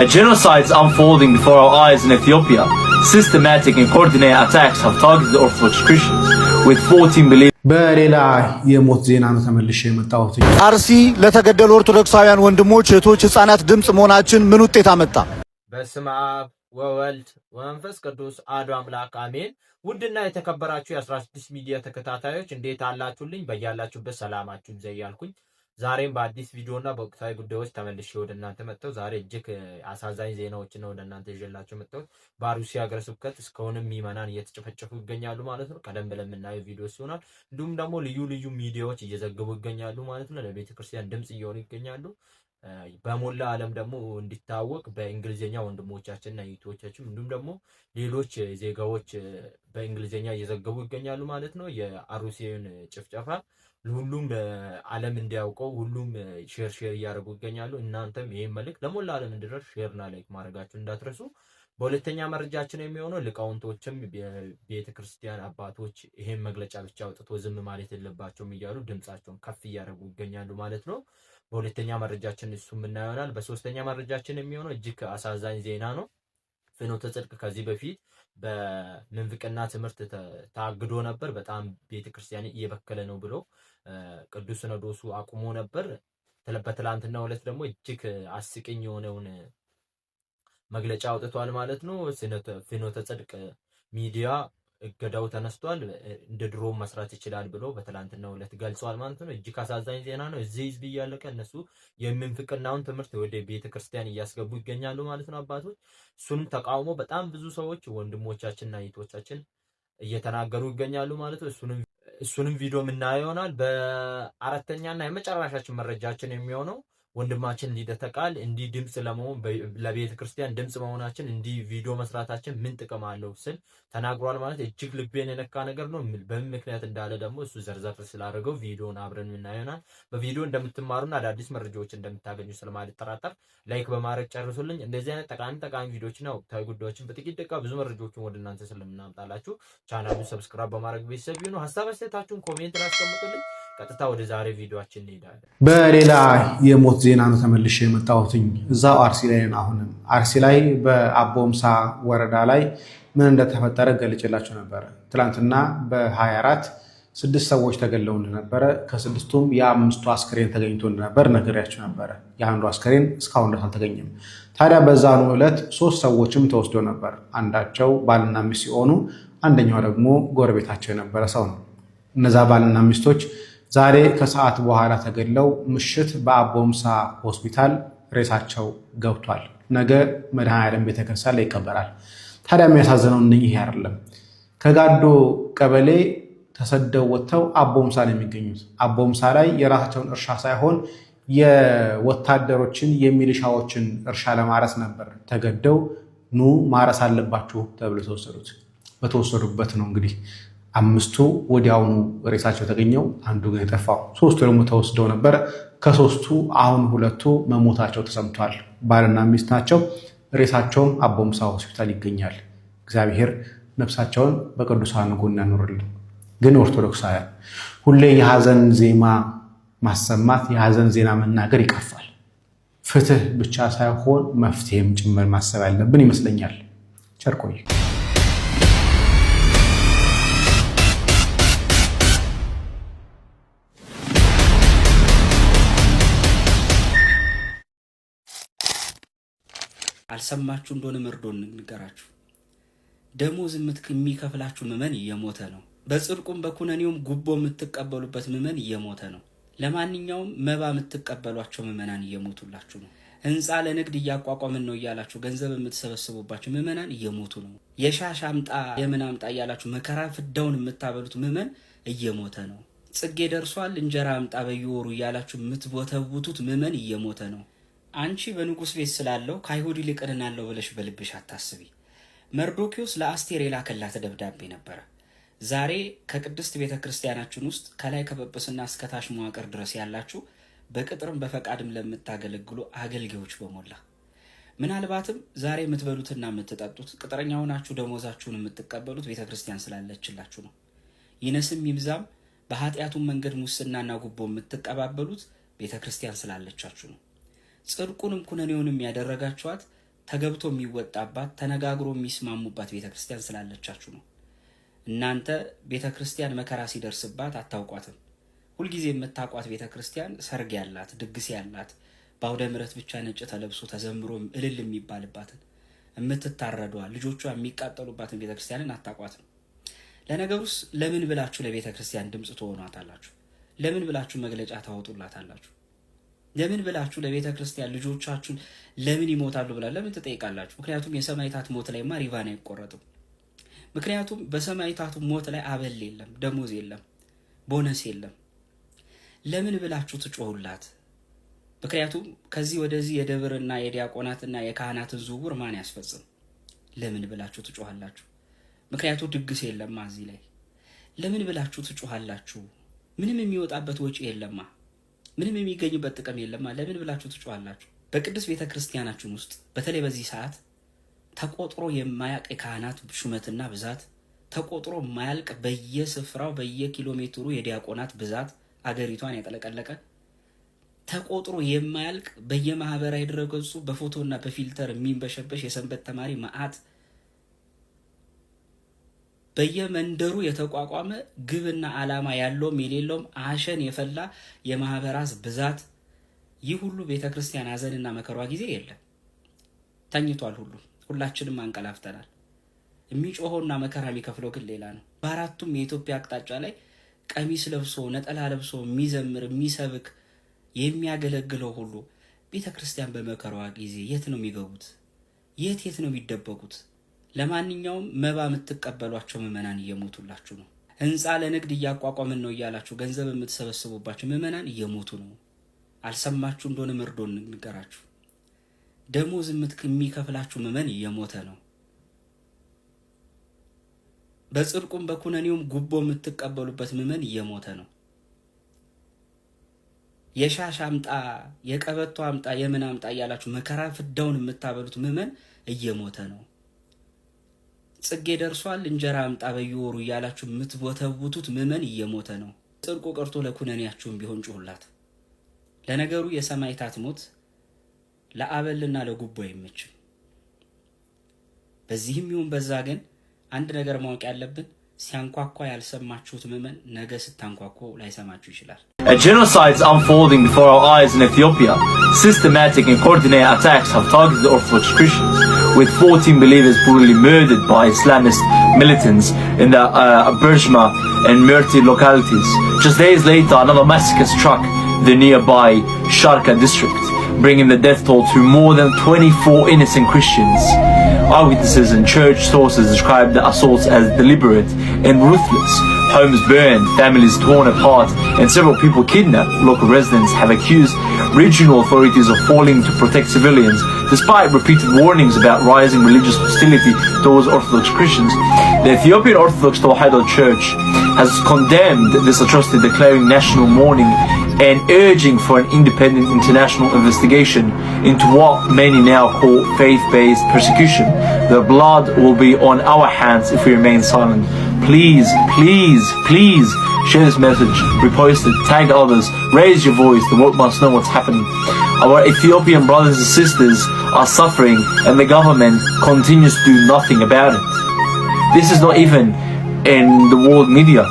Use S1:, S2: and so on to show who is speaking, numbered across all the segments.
S1: A genocide is unfolding before our eyes in Ethiopia. Systematic and coordinated attacks have targeted Orthodox Christians with 14 million.
S2: በሌላ የሞት ዜና ነው ተመልሼ የመጣሁት። አርሲ ለተገደሉ ኦርቶዶክሳውያን ወንድሞች፣ እህቶች፣ ህጻናት ድምፅ መሆናችን ምን ውጤት አመጣ? በስመ አብ ወወልድ ወመንፈስ ቅዱስ አሐዱ አምላክ አሜን። ውድና የተከበራችሁ የ16 ሚዲያ ተከታታዮች እንዴት አላችሁልኝ? በያላችሁበት ሰላማችሁ ይብዛ እያልኩኝ ዛሬም በአዲስ ቪዲዮ እና በወቅታዊ ጉዳዮች ተመልሼ ወደ እናንተ መጥተው ዛሬ እጅግ አሳዛኝ ዜናዎችን ነው ወደ እናንተ ይዤላቸው መጥተው በአርሲ ሀገረ ስብከት እስካሁንም ምዕመናን እየተጨፈጨፉ ይገኛሉ ማለት ነው። ቀደም ብለን የምናየው ቪዲዮ ሲሆናል። እንዲሁም ደግሞ ልዩ ልዩ ሚዲያዎች እየዘገቡ ይገኛሉ ማለት ነው። ክርስቲያን ድምፅ እየሆኑ ይገኛሉ። በሞላ ዓለም ደግሞ እንዲታወቅ በእንግሊዝኛ ወንድሞቻችንና ዩቶቻችን እንዲሁም ደግሞ ሌሎች ዜጋዎች በእንግሊዝኛ እየዘገቡ ይገኛሉ ማለት ነው የአሩሲን ጭፍጨፋ ሁሉም ዓለም እንዲያውቀው ሁሉም ሼር ሼር እያደረጉ ይገኛሉ። እናንተም ይህን መልእክት ለሞላ ዓለም እንዲደርስ ሼርና ላይክ ማድረጋችሁ እንዳትረሱ። በሁለተኛ መረጃችን የሚሆነው ሊቃውንቶችም ቤተ ክርስቲያን አባቶች ይሄን መግለጫ ብቻ አውጥቶ ዝም ማለት የለባቸውም እያሉ ድምፃቸውን ከፍ እያደረጉ ይገኛሉ ማለት ነው። በሁለተኛ መረጃችን እሱ የምናየሆናል። በሶስተኛ መረጃችን የሚሆነው እጅግ አሳዛኝ ዜና ነው። ፍኖተ ጽድቅ ከዚህ በፊት በምንፍቅና ትምህርት ታግዶ ነበር። በጣም ቤተክርስቲያን እየበከለ ነው ብሎ ቅዱስ ሲኖዶሱ አቁሞ ነበር። በትላንትና ሁለት ደግሞ እጅግ አስቂኝ የሆነውን መግለጫ አውጥቷል ማለት ነው። ፍኖተ ጽድቅ ሚዲያ እገዳው ተነስቷል፣ እንደ ድሮ መስራት ይችላል ብሎ በትላንትና ሁለት ገልጿል ማለት ነው። እጅግ አሳዛኝ ዜና ነው። እዚህ ህዝብ እያለቀ እነሱ የምንፍቅናውን ትምህርት ወደ ቤተክርስቲያን እያስገቡ ይገኛሉ ማለት ነው። አባቶች እሱን ተቃውሞ በጣም ብዙ ሰዎች ወንድሞቻችንና እህቶቻችን እየተናገሩ ይገኛሉ ማለት ነው። እሱንም እሱንም ቪዲዮ የምናየው ይሆናል። በአራተኛና የመጨረሻችን መረጃችን የሚሆነው ወንድማችን ሊደተቃል እንዲህ ድምፅ ለመሆን ለቤተ ክርስቲያን ድምፅ መሆናችን እንዲህ ቪዲዮ መስራታችን ምን ጥቅም አለው ስል ተናግሯል። ማለት እጅግ ልቤን የነካ ነገር ነው። በምን ምክንያት እንዳለ ደግሞ እሱ ዘርዘር ስላደረገው ቪዲዮን አብረን ምናየናል። በቪዲዮ እንደምትማሩና አዳዲስ መረጃዎች እንደምታገኙ ስለማልጠራጠር ላይክ በማድረግ ጨርሱልኝ። እንደዚህ አይነት ጠቃሚ ጠቃሚ ቪዲዮዎችና ወቅታዊ ጉዳዮችን በጥቂት ደቂቃ ብዙ መረጃዎችን ወደ እናንተ ስለምናምጣላችሁ ቻናሉን ሰብስክራይብ በማድረግ ቤተሰብ ይሁኑ። ሀሳብ አስተያየታችሁን ኮሜንት ላስቀምጡልኝ። ቀጥታ ወደ ዛሬ ቪዲዮችን እንሄዳለን። በሌላ የሞት ዜና ነው ተመልሼ የመጣሁትኝ እዛው አርሲ ላይ አሁንም አርሲ ላይ በአቦምሳ ወረዳ ላይ ምን እንደተፈጠረ ገልጭላችሁ ነበረ። ትላንትና በ24 ስድስት ሰዎች ተገለው እንደነበረ ከስድስቱም የአምስቱ አስክሬን ተገኝቶ እንደነበር ነግሬያችሁ ነበረ። የአንዱ አስክሬን እስካሁን ድረስ አልተገኘም። ታዲያ በዛኑ ዕለት ሶስት ሰዎችም ተወስደው ነበር። አንዳቸው ባልና ሚስት ሲሆኑ፣ አንደኛው ደግሞ ጎረቤታቸው የነበረ ሰው ነው። እነዛ ባልና ሚስቶች ዛሬ ከሰዓት በኋላ ተገድለው ምሽት በአቦምሳ ሆስፒታል ሬሳቸው ገብቷል። ነገ መድኃኔዓለም ቤተክርስቲያን ላይ ይቀበራል። ታዲያ የሚያሳዝነው እነኚህ አይደለም። ከጋዶ ቀበሌ ተሰደው ወጥተው አቦምሳ ነው የሚገኙት። አቦምሳ ላይ የራሳቸውን እርሻ ሳይሆን የወታደሮችን የሚሊሻዎችን እርሻ ለማረስ ነበር ተገደው ኑ ማረስ አለባችሁ ተብሎ ተወሰዱት። በተወሰዱበት ነው እንግዲህ አምስቱ ወዲያውኑ ሬሳቸው የተገኘው፣ አንዱ ግን የጠፋው፣ ሶስቱ ደግሞ ተወስደው ነበረ። ከሶስቱ አሁን ሁለቱ መሞታቸው ተሰምቷል። ባልና ሚስት ናቸው። ሬሳቸውም አቦምሳ ሆስፒታል ይገኛል። እግዚአብሔር ነፍሳቸውን በቅዱሳን ጎን ያኖርልን። ግን ኦርቶዶክሳውያን ሁሌ የሐዘን ዜማ ማሰማት የሐዘን ዜና መናገር ይቀፋል። ፍትህ ብቻ ሳይሆን መፍትሄም ጭምር ማሰብ ያለብን ይመስለኛል። ቸርቆይ ያልሰማችሁ እንደሆነ መርዶ ደሞ ደሞዝ የሚከፍላችሁ ምዕመን እየሞተ ነው። በጽድቁም በኩነኔውም ጉቦ የምትቀበሉበት ምዕመን እየሞተ ነው። ለማንኛውም መባ የምትቀበሏቸው ምዕመናን እየሞቱላችሁ ነው። ህንፃ ለንግድ እያቋቋምን ነው እያላችሁ ገንዘብ የምትሰበስቡባቸው ምዕመናን እየሞቱ ነው። የሻሽ አምጣ የምን አምጣ እያላችሁ መከራ ፍዳውን የምታበሉት ምዕመን እየሞተ ነው። ጽጌ ደርሷል እንጀራ አምጣ በየወሩ እያላችሁ የምትቦተቡቱት ምዕመን እየሞተ ነው። አንቺ በንጉሥ ቤት ስላለው ከአይሁድ ይልቅ እድናለሁ ብለሽ በልብሽ አታስቢ። መርዶኪዎስ ለአስቴር የላከላት ደብዳቤ ነበረ። ዛሬ ከቅድስት ቤተ ክርስቲያናችን ውስጥ ከላይ ከጵጵስና እስከ ታች መዋቅር ድረስ ያላችሁ በቅጥርም በፈቃድም ለምታገለግሉ አገልጌዎች በሞላ ምናልባትም ዛሬ የምትበሉትና የምትጠጡት ቅጥረኛ ሆናችሁ ደሞዛችሁን የምትቀበሉት ቤተ ክርስቲያን ስላለችላችሁ ነው። ይነስም ይብዛም በኃጢአቱን መንገድ ሙስናና ጉቦ የምትቀባበሉት ቤተ ክርስቲያን ስላለቻችሁ ነው። ጽድቁንም ኩነኔውንም ያደረጋችኋት ተገብቶ የሚወጣባት ተነጋግሮ የሚስማሙባት ቤተ ክርስቲያን ስላለቻችሁ ነው። እናንተ ቤተ ክርስቲያን መከራ ሲደርስባት አታውቋትም። ሁልጊዜ የምታውቋት ቤተ ክርስቲያን ሰርግ ያላት፣ ድግስ ያላት፣ በአውደ ምረት ብቻ ነጭ ተለብሶ ተዘምሮ እልል የሚባልባትን የምትታረዷ፣ ልጆቿ የሚቃጠሉባትን ቤተ ክርስቲያንን አታውቋትም። ለነገሩስ ለምን ብላችሁ ለቤተ ክርስቲያን ድምፅ ትሆኗታላችሁ? ለምን ብላችሁ መግለጫ ታወጡላታላችሁ? ለምን ብላችሁ ለቤተ ክርስቲያን ልጆቻችሁን ለምን ይሞታሉ ብላ ለምን ትጠይቃላችሁ? ምክንያቱም የሰማይታት ሞት ላይማ ሪቫን አይቆረጥም። ምክንያቱም በሰማይታቱ ሞት ላይ አበል የለም፣ ደሞዝ የለም፣ ቦነስ የለም። ለምን ብላችሁ ትጮሁላት? ምክንያቱም ከዚህ ወደዚህ የደብርና የዲያቆናትና የካህናትን ዝውውር ማን ያስፈጽም? ለምን ብላችሁ ትጮኋላችሁ? ምክንያቱ ድግስ የለማ እዚህ ላይ ለምን ብላችሁ ትጮኋላችሁ? ምንም የሚወጣበት ወጪ የለማ ምንም የሚገኝበት ጥቅም የለም። ለምን ብላችሁ ትጮኋላችሁ? በቅዱስ ቤተ ክርስቲያናችን ውስጥ በተለይ በዚህ ሰዓት ተቆጥሮ የማያቅ የካህናት ሹመትና ብዛት፣ ተቆጥሮ የማያልቅ በየስፍራው በየኪሎ ሜትሩ የዲያቆናት ብዛት አገሪቷን ያጠለቀለቀ ተቆጥሮ የማያልቅ በየማህበራዊ ድረገጹ በፎቶና በፊልተር የሚንበሸበሽ የሰንበት ተማሪ መዓት በየመንደሩ የተቋቋመ ግብና ዓላማ ያለውም የሌለውም አሸን የፈላ የማህበራት ብዛት ይህ ሁሉ ቤተ ክርስቲያን ሐዘንና መከሯ ጊዜ የለም። ተኝቷል ሁሉ ሁላችንም አንቀላፍተናል። የሚጮኸውና መከራ የሚከፍለው ግን ሌላ ነው። በአራቱም የኢትዮጵያ አቅጣጫ ላይ ቀሚስ ለብሶ ነጠላ ለብሶ የሚዘምር የሚሰብክ የሚያገለግለው ሁሉ ቤተ ክርስቲያን በመከሯ ጊዜ የት ነው የሚገቡት? የት የት ነው የሚደበቁት? ለማንኛውም መባ የምትቀበሏቸው ምዕመናን እየሞቱላችሁ ነው። ህንፃ ለንግድ እያቋቋምን ነው እያላችሁ ገንዘብ የምትሰበስቡባቸው ምዕመናን እየሞቱ ነው። አልሰማችሁ እንደሆነ መርዶ እንገራችሁ። ደሞዝ የሚከፍላችሁ ምዕመን እየሞተ ነው። በጽድቁም በኩነኔውም ጉቦ የምትቀበሉበት ምዕመን እየሞተ ነው። የሻሽ አምጣ፣ የቀበቶ አምጣ፣ የምን አምጣ እያላችሁ መከራ ፍዳውን የምታበሉት ምዕመን እየሞተ ነው። ጽጌ ደርሷል እንጀራ አምጣ በየወሩ እያላችሁ የምትቦተቡቱት ምዕመን እየሞተ ነው። ጽድቁ ቀርቶ ለኩነኔያችሁም ቢሆን ጩሁላት። ለነገሩ የሰማይታት ሞት ለአበልና ለጉቦ አይመችም። በዚህም ይሁን በዛ ግን አንድ ነገር ማወቅ ያለብን ሲያንኳኳ ያልሰማችሁት ምመን ነገ ስታንኳኮ ላይሰማችሁ ይችላል።
S1: A genocide is unfolding before our eyes in Ethiopia. Systematic and coordinated attacks have targeted Orthodox Christians, with 14 believers brutally murdered by Islamist militants in the uh, and Merti localities. Just days later, another massacre struck the nearby Sharka district, bringing the death toll to more than 24 innocent Christians. Eyewitnesses and church sources describe the assaults as deliberate and ruthless, Homes burned, families torn apart, and several people kidnapped, local residents have accused regional authorities of failing to protect civilians, despite repeated warnings about rising religious hostility towards Orthodox Christians. The Ethiopian Orthodox Tewahedo Church has condemned this atrocity, declaring national mourning and urging for an independent international investigation into what many now call faith-based persecution. The blood will be on our hands if we remain silent. Please, please, please share this message, repost it, tag others, raise your voice, the world must know what's happening. Our Ethiopian brothers and sisters are suffering and the government continues to do nothing about it. This is not even in the world media,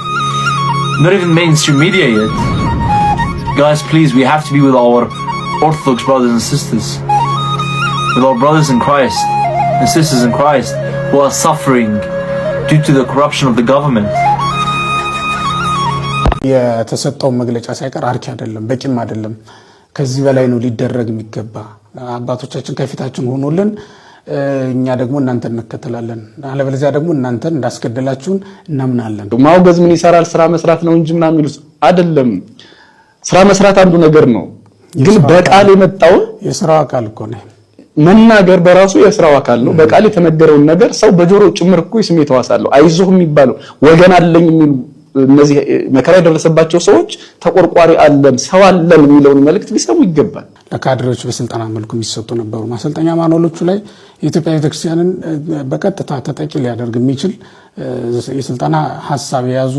S1: not even mainstream media yet. Guys, please, we have to be with our Orthodox brothers and sisters, with our brothers in Christ and sisters in Christ who are suffering due to the corruption of the government.
S2: የተሰጠውን መግለጫ ሳይቀር አርኪ አይደለም፣ በቂም አይደለም። ከዚህ በላይ ነው ሊደረግ የሚገባ። አባቶቻችን ከፊታችን ሆኖልን እኛ ደግሞ እናንተን እንከተላለን፣ አለበለዚያ ደግሞ እናንተን እንዳስገደላችሁን እናምናለን። ማውገዝ ምን ይሰራል? ስራ መስራት ነው እንጂ ምናምን የሚሉት አይደለም። ስራ መስራት አንዱ ነገር ነው፣ ግን በቃል የመጣውን የስራው አካል እኮ ነው መናገር በራሱ የስራው አካል ነው። በቃል የተነገረውን ነገር ሰው በጆሮ ጭምር እኮ የስሜት ሕዋስ አይዞህ የሚባለው ወገን አለኝ የሚሉ እነዚህ መከራ የደረሰባቸው ሰዎች ተቆርቋሪ አለን ሰው አለን የሚለውን መልእክት ሊሰሙ ይገባል። ለካድሬዎች በስልጠና መልኩ የሚሰጡ ነበሩ። ማሰልጠኛ ማኖሎቹ ላይ የኢትዮጵያ ቤተክርስቲያንን በቀጥታ ተጠቂ ሊያደርግ የሚችል የስልጠና ሀሳብ የያዙ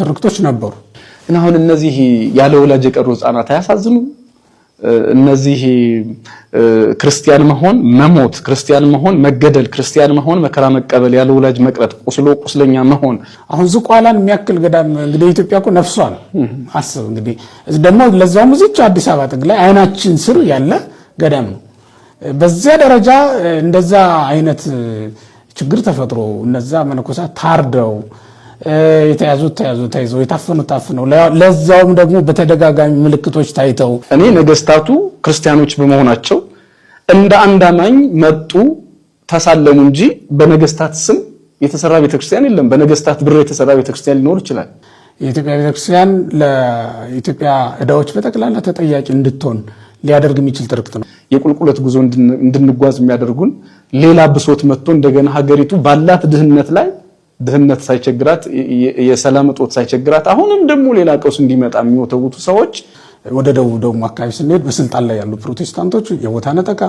S2: ትርክቶች ነበሩ እና አሁን እነዚህ ያለ ወላጅ የቀሩ ህጻናት አያሳዝኑም? እነዚህ ክርስቲያን መሆን መሞት፣ ክርስቲያን መሆን መገደል፣ ክርስቲያን መሆን መከራ መቀበል፣ ያለ ወላጅ መቅረት፣ ቁስሎ ቁስለኛ መሆን አሁን ዝቋላን የሚያክል ገዳም እንግዲህ ኢትዮጵያ እኮ ነፍሷ ነው። አስብ እንግዲህ ደግሞ ለዛውም እዚች አዲስ አበባ ጥግ ላይ አይናችን ስር ያለ ገዳም ነው። በዚያ ደረጃ እንደዛ አይነት ችግር ተፈጥሮ እነዛ መነኮሳት ታርደው የተያዙ ተያዙ ተይዞ የታፈኑት ታፍነው ለዛውም ደግሞ በተደጋጋሚ ምልክቶች ታይተው እኔ ነገስታቱ ክርስቲያኖች በመሆናቸው እንደ አንድ አማኝ መጡ ተሳለሙ እንጂ በነገስታት ስም የተሰራ ቤተክርስቲያን የለም። በነገስታት ብር የተሰራ ቤተክርስቲያን ሊኖር ይችላል። የኢትዮጵያ ቤተክርስቲያን ለኢትዮጵያ እዳዎች በጠቅላላ ተጠያቂ እንድትሆን ሊያደርግ የሚችል ትርክት ነው። የቁልቁለት ጉዞ እንድንጓዝ የሚያደርጉን ሌላ ብሶት መጥቶ እንደገና ሀገሪቱ ባላት ድህነት ላይ ድህነት ሳይቸግራት የሰላም እጦት ሳይቸግራት አሁንም ደግሞ ሌላ ቀውስ እንዲመጣ የሚወተውቱ ሰዎች ወደ ደቡብ ደግሞ አካባቢ ስንሄድ በስልጣን ላይ ያሉ ፕሮቴስታንቶች የቦታ ነጠቃ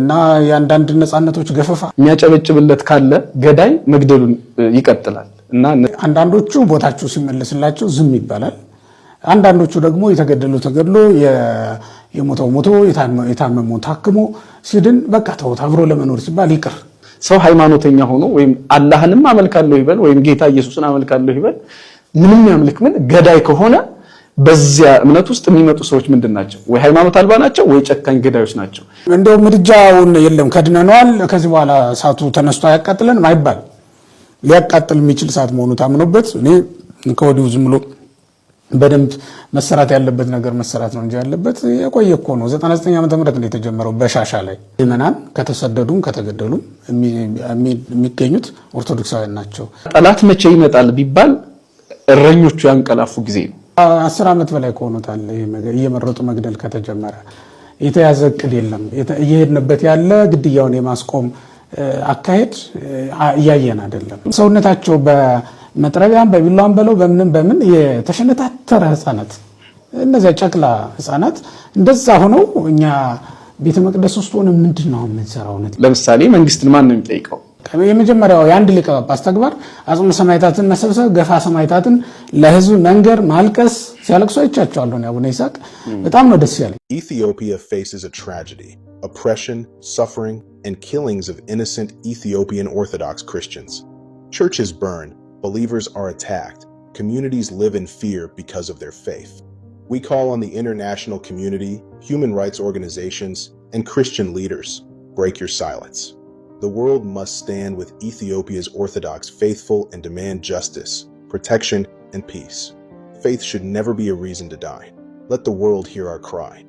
S2: እና የአንዳንድ ነፃነቶች ገፈፋ የሚያጨበጭብለት ካለ ገዳይ መግደሉን ይቀጥላል እና አንዳንዶቹ ቦታቸው ሲመለስላቸው ዝም ይባላል። አንዳንዶቹ ደግሞ የተገደሉ ተገድሎ የሞተው ሞቶ የታመመው ታክሞ ሲድን በቃ ተውት አብሮ ለመኖር ሲባል ይቅር ሰው ሃይማኖተኛ ሆኖ ወይም አላህንም አመልካለሁ ይበል ወይም ጌታ ኢየሱስን አመልካለሁ ይበል ምንም ያምልክ ምን ገዳይ ከሆነ በዚያ እምነት ውስጥ የሚመጡ ሰዎች ምንድን ናቸው? ወይ ሃይማኖት አልባ ናቸው፣ ወይ ጨካኝ ገዳዮች ናቸው። እንደው ምድጃውን የለም ከድነነዋል፣ ከዚህ በኋላ እሳቱ ተነስቶ አያቃጥለንም አይባል። ሊያቃጥል የሚችል እሳት መሆኑ ታምኖበት እኔ ከወዲሁ ዝም ብሎ በደንብ መሰራት ያለበት ነገር መሰራት ነው እንጂ ያለበት የቆየ እኮ ነው። 99 ዓመተ ምህረት ነው የተጀመረው በሻሻ ላይ። ምዕመናን ከተሰደዱም ከተገደሉም የሚገኙት ኦርቶዶክሳውያን ናቸው። ጠላት መቼ ይመጣል ቢባል እረኞቹ ያንቀላፉ ጊዜ ነው። አስር ዓመት በላይ ከሆኑታል እየመረጡ መግደል ከተጀመረ። የተያዘ እቅድ የለም። እየሄድንበት ያለ ግድያውን የማስቆም አካሄድ እያየን አይደለም። ሰውነታቸው በመጥረቢያም በቢላዋም በለው በምንም በምን የተሸነታት ተራ ህፃናት እነዚያ ጨቅላ ህፃናት እንደዛ ሆነው እኛ ቤተ መቅደስ ውስጥ ሆነ ምንድን ነው የምንሰራው? እውነት ለምሳሌ መንግስትን ማን ነው የሚጠይቀው? የመጀመሪያው የአንድ ሊቀ ጳጳስ ተግባር አጽሙ ሰማይታትን መሰብሰብ፣ ገፋ ሰማይታትን ለህዝብ መንገር፣ ማልቀስ። ሲያለቅሶ አይቻቸዋለሁ። አቡነ ይስሐቅ በጣም ነው ደስ ያለኝ።
S1: ኢትዮጵያ faces a tragedy, oppression, suffering and killings of innocent Ethiopian Orthodox Christians. Churches burn, believers are attacked. communities live in fear because of their faith. We call on the international community, human rights organizations, and Christian leaders break your silence. The world must stand with Ethiopia's Orthodox faithful and demand justice, protection, and peace. Faith should never be a reason to die. Let the world hear our cry.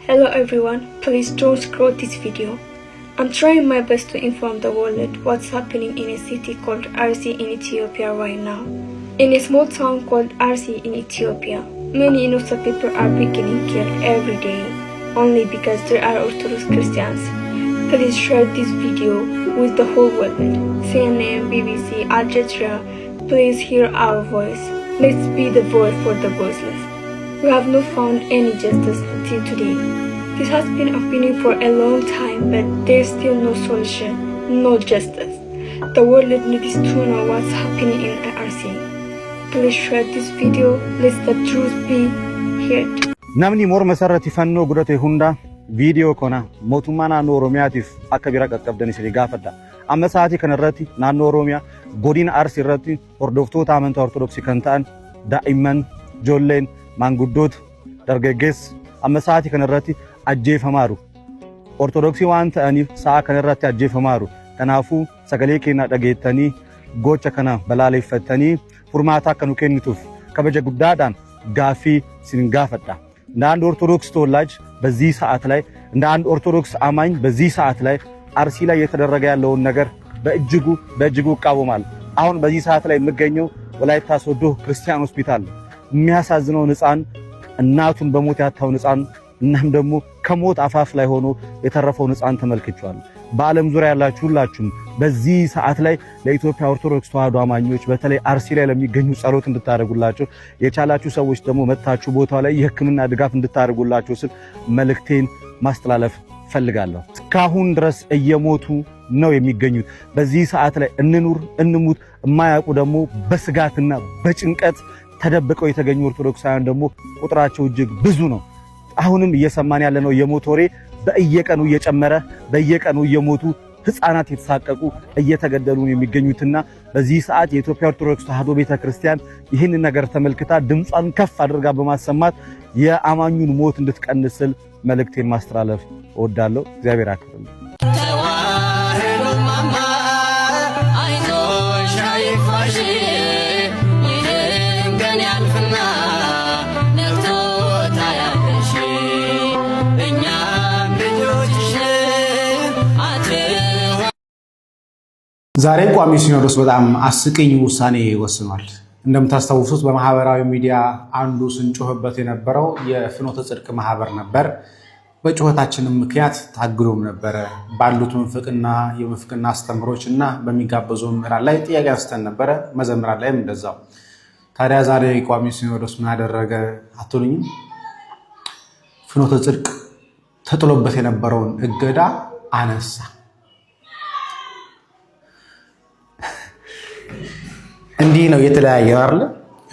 S3: Hello everyone, please don't scroll this video. I'm trying my best to inform the world what's happening in a city called RC in Ethiopia right now in a small town called Arsi in Ethiopia. Many innocent people are being killed every day, only because they are Orthodox Christians. Please share this video with the whole world. CNN, BBC, Al Jazeera, please hear our voice. Let's be the voice for the voiceless. We have not found any justice till today. This has been happening for a long time, but there's still no solution, no justice. The world needs to know what's happening in RC. Please share this video. Let the truth be heard.
S2: Namni morma irratti fannoo godhate hunda viidiyoo kana mootummaa naannoo Oromiyaatiif akka bira qaqqabdan isin gaafadha. Amma sa'aatii kana irratti naannoo Oromiyaa godina Arsii irratti hordoftoota amantaa Ortodoksii kan ta'an daa'imman, ijoolleen, maanguddoota, dargaggeessi amma sa'aatii kana irratti ajjeefamaaru. Ortodoksii waan ta'aniif sa'a kana irratti ajjeefamaaru. Kanaafuu sagalee kennaa dhageettanii gocha kana balale fatani furmaataa akka nu kennituuf kabaja guddaadhaan gaaffii sin gaafadha። እንደ ኦርቶዶክስ ተወላጅ በዚህ ሰዓት ላይ እንደ ኦርቶዶክስ አማኝ በዚህ ሰዓት ላይ አርሲ ላይ እየተደረገ ያለውን ነገር በእጅጉ በእጅጉ እቃወማል። አሁን በዚህ ሰዓት ላይ የምገኘው ወላይታ ሶዶ ክርስቲያን ሆስፒታል የሚያሳዝነውን ሕፃን እናቱን በሞት ያታውን ሕፃን እናም ደግሞ ከሞት አፋፍ ላይ ሆኖ የተረፈውን ሕፃን ተመልክቻለሁ። በዓለም ዙሪያ ያላችሁ ሁላችሁም በዚህ ሰዓት ላይ ለኢትዮጵያ ኦርቶዶክስ ተዋሕዶ አማኞች በተለይ አርሲ ላይ ለሚገኙ ጸሎት እንድታደርጉላቸው የቻላችሁ ሰዎች ደግሞ መጥታችሁ ቦታ ላይ የሕክምና ድጋፍ እንድታደርጉላቸው ስል መልእክቴን ማስተላለፍ ፈልጋለሁ። እስካሁን ድረስ እየሞቱ ነው የሚገኙት። በዚህ ሰዓት ላይ እንኑር እንሙት የማያውቁ ደግሞ በስጋትና በጭንቀት ተደብቀው የተገኙ ኦርቶዶክሳውያን ደግሞ ቁጥራቸው እጅግ ብዙ ነው። አሁንም እየሰማን ያለነው የሞት ወሬ በየቀኑ እየጨመረ በየቀኑ እየሞቱ ህፃናት የተሳቀቁ እየተገደሉ የሚገኙትና በዚህ ሰዓት የኢትዮጵያ ኦርቶዶክስ ተዋሕዶ ቤተክርስቲያን ይህን ነገር ተመልክታ ድምጿን ከፍ አድርጋ በማሰማት የአማኙን ሞት እንድትቀንስል መልእክቴን ማስተላለፍ እወዳለሁ። እግዚአብሔር አክብርልኝ። ዛሬ ቋሚ ሲኖዶስ በጣም አስቂኝ ውሳኔ ወስኗል። እንደምታስታውሱት በማህበራዊ ሚዲያ አንዱ ስንጮህበት የነበረው የፍኖተ ጽድቅ ማህበር ነበር። በጩኸታችንም ምክንያት ታግዶም ነበረ። ባሉት ምንፍቅና የምንፍቅና አስተምሮች እና በሚጋበዙ መምህራን ላይ ጥያቄ አንስተን ነበረ። መዘምራን ላይም እንደዛው። ታዲያ ዛሬ ቋሚ ሲኖዶስ ምን አደረገ አትሉኝም? ፍኖተ ጽድቅ ተጥሎበት የነበረውን እገዳ አነሳ። እንዲህ ነው የተለያየ አይደል?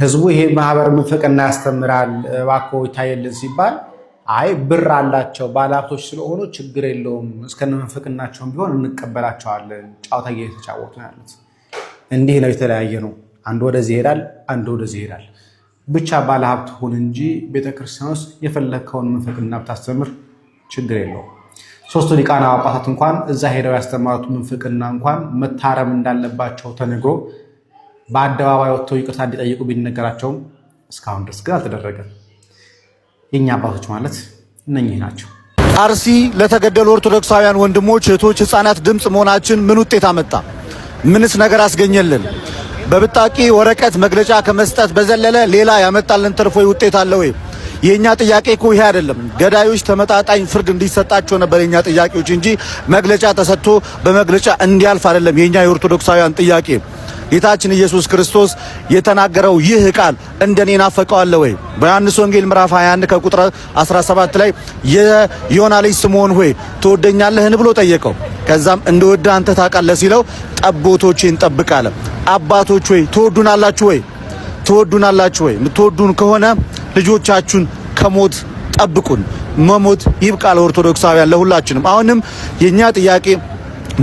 S2: ህዝቡ ይሄ ማህበር ምንፍቅና ያስተምራል እባክዎ ይታየልን ሲባል አይ ብር አላቸው ባለሀብቶች ስለሆኑ ችግር የለውም እስከነ ምንፍቅናቸውም ቢሆን እንቀበላቸዋለን፣ ጨዋታ እየተጫወቱ ያሉት። እንዲህ ነው የተለያየ ነው። አንዱ ወደዚህ ይሄዳል፣ አንዱ ወደዚህ ይሄዳል። ብቻ ባለሀብት ሁን እንጂ ቤተክርስቲያን ውስጥ የፈለግከውን ምንፍቅና ብታስተምር ችግር የለውም። ሶስቱ ሊቃነ ጳጳሳት እንኳን እዛ ሄደው ያስተማሩት ምንፍቅና እንኳን መታረም እንዳለባቸው ተነግሮ በአደባባይ ወጥተው ይቅርታ እንዲጠይቁ ቢነገራቸውም እስካሁን ድረስ ግን አልተደረገም። የእኛ አባቶች ማለት እነኚህ ናቸው። አርሲ ለተገደሉ ኦርቶዶክሳውያን ወንድሞች፣ እህቶች፣ ህፃናት ድምፅ መሆናችን ምን ውጤት አመጣ? ምንስ ነገር አስገኘልን? በብጣቂ ወረቀት መግለጫ ከመስጠት በዘለለ ሌላ ያመጣልን ተርፎ ውጤት አለ ወይ? የእኛ ጥያቄ እኮ ይሄ አይደለም። ገዳዮች ተመጣጣኝ ፍርድ እንዲሰጣቸው ነበር የእኛ ጥያቄዎች እንጂ መግለጫ ተሰጥቶ በመግለጫ እንዲያልፍ አይደለም የእኛ የኦርቶዶክሳውያን ጥያቄ። ጌታችን ኢየሱስ ክርስቶስ የተናገረው ይህ ቃል እንደኔ ናፈቀዋለህ ወይ? በዮሐንስ ወንጌል ምዕራፍ 21 ከቁጥር 17 ላይ የዮና ልጅ ስምዖን ሆይ ትወደኛለህን ብሎ ጠየቀው። ከዛም እንደወደ አንተ ታውቃለህ ሲለው ጠቦቶቼን ጠብቅ አለ። አባቶች ሆይ ትወዱናላችሁ ወይ? ትወዱናላችሁ ወይ? ምትወዱን ከሆነ ልጆቻችሁን ከሞት ጠብቁን። መሞት ይብቃል። ኦርቶዶክሳውያን ለሁላችንም። አሁንም የኛ ጥያቄ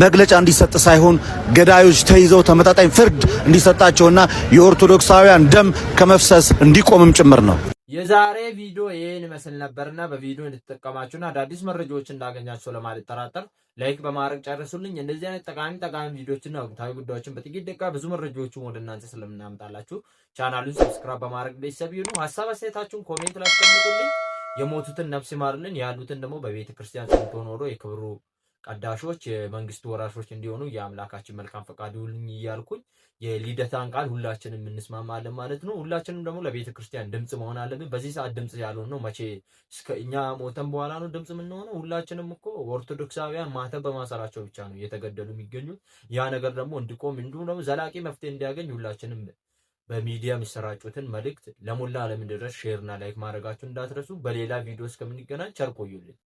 S2: መግለጫ እንዲሰጥ ሳይሆን ገዳዮች ተይዘው ተመጣጣኝ ፍርድ እንዲሰጣቸውና የኦርቶዶክሳውያን ደም ከመፍሰስ እንዲቆምም ጭምር ነው። የዛሬ ቪዲዮ ይህን ይመስል ነበርና በቪዲዮ እንድትጠቀማችሁና አዳዲስ መረጃዎች እንዳገኛችሁ ለማልጠራጠር ላይክ በማድረግ ጨርሱልኝ። እንደዚህ አይነት ጠቃሚ ጠቃሚ ቪዲዮዎችና ወቅታዊ ጉዳዮችን በጥቂት ደቂቃ ብዙ መረጃዎችን ወደ እናንተ ስለምናምጣላችሁ ቻናሉን ሰብስክራይብ በማድረግ ቤተሰብ ይሁኑ። ሀሳብ አስተያየታችሁን ኮሜንት ላስቀምጡልኝ። የሞቱትን ነፍስ ይማርልን ያሉትን ደግሞ በቤተ ክርስቲያን ኖሮ የክብሩ ቀዳሾች የመንግስት ወራሾች እንዲሆኑ የአምላካችን መልካም ፈቃድ ይሁን እያልኩኝ የልደታን ቃል ሁላችንም እንስማማለን ማለት ነው። ሁላችንም ደግሞ ለቤተ ክርስቲያን ድምፅ መሆን አለብን። በዚህ ሰዓት ድምፅ ያልሆን ነው መቼ እስከ እኛ ሞተን በኋላ ነው ድምፅ የምንሆነው። ሁላችንም እኮ ኦርቶዶክሳውያን ማተብ በማሰራቸው ብቻ ነው እየተገደሉ የሚገኙት። ያ ነገር ደግሞ እንዲቆም እንዲሁም ደግሞ ዘላቂ መፍትሄ እንዲያገኝ ሁላችንም በሚዲያ የሚሰራጩትን መልእክት ለሞላ ዓለም ሼርና ላይክ ማድረጋችሁ እንዳትረሱ። በሌላ ቪዲዮ እስከምንገናኝ ቸር ቆዩልን።